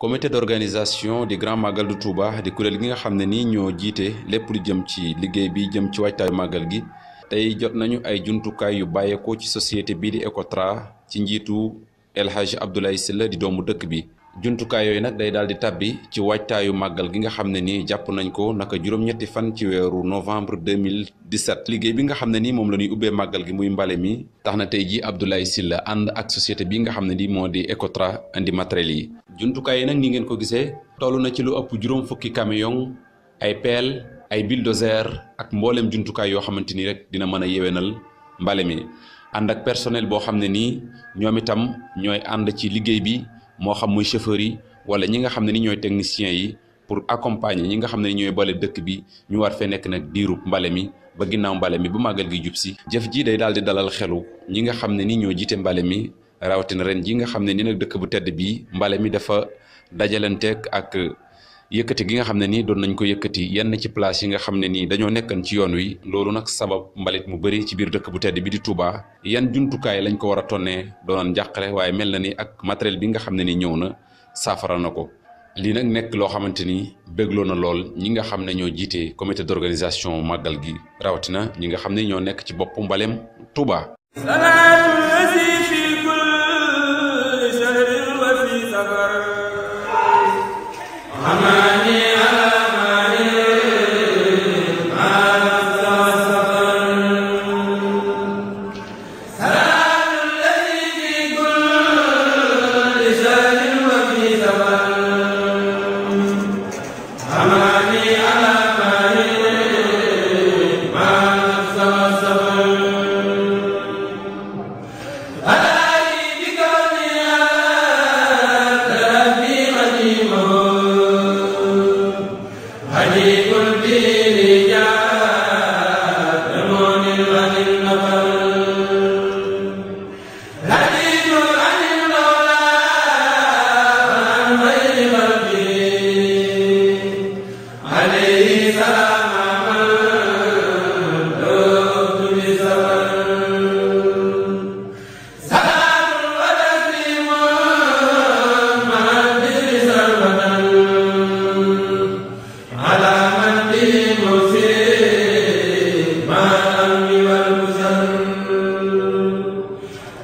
comité d'organisation di grand magal du Touba di kuréel gi nga xam ne nii ñoo jiite lépp lu jëm ci liggéey bi jëm ci waajtaayu magal gi tey jot nañu ay jumtukaay yu bàyyeekoo ci société bii di Ecotra ci njiitu El Hadj Abdoulaye Sylla di doomu dëkk bi juntukaay yooyu nag day daal di tàbbi ci waajtaayu màggal gi nga xam ne nii jàpp nañ ko naka juróom-ñetti fan ci weeru novembre 2017 liggéey bi nga xam ne ni moom la ñuy ubbee màggal gi muy mbale mi tax na tey jii Abdoulaye Sylla ànd ak société bi nga xam ne nii moo di Ecotra indi matériel yi juntukaay yi nag ni ngeen ko gisee toll na ci lu ëpp juróom fukki camion ay peel ay bulldozer ak mbooleem juntukaay yoo xamante ni rek dina mën a yewenal mbale mi ànd ak personnel boo xam ne nii ñoom itam ñooy ànd ci liggéey bi moo xam muy chauffeur yi wala ñi nga xam ne ni ñooy techniciens yi pour accompagner ñi nga xam ne ni ñooy bale dëkk bi ñu war fee nekk nag diirub mbale mi ba ginnaaw mbale mi bu màggal gi jub si jëf ji day daal di dalal xelu ñi nga xam ne ni ñoo jiite mbale mi rawatina ren ji nga xam ne ni nag dëkk bu tedd bii mbale mi dafa dajalanteeg ak yëkkati gi nga xam ne nii doon nañ ko yëkkati yenn ci place yi nga xam ne nii dañoo nekkan ci yoon wi loolu nag sabab mbalit mu bëri ci biir dëkk bu tedd bi di Touba yan jumtukaay lañ ko war a tonnee doonoon njàqare waaye mel na ni ak matériel bi nga xam ne nii ñëw na saafara na ko lii nag nekk loo xamante ni bégloo na lool ñi nga xam ne ñoo jiite comité d'organisation màggal gi rawatina ñi nga xam ne ñoo nekk ci boppu mbaleem Touba.